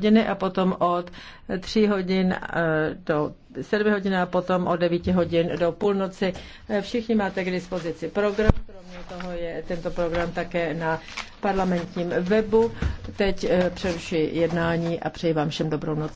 hodiny a potom od 3 hodin eh, do 7 hodin a potom od 9 hodin do půlnoci. Eh, všichni máte k dispozici program, kromě toho je tento program také na parlamentním webu. Teď eh, přeruši jednání a přeji vám všem dobrou noc.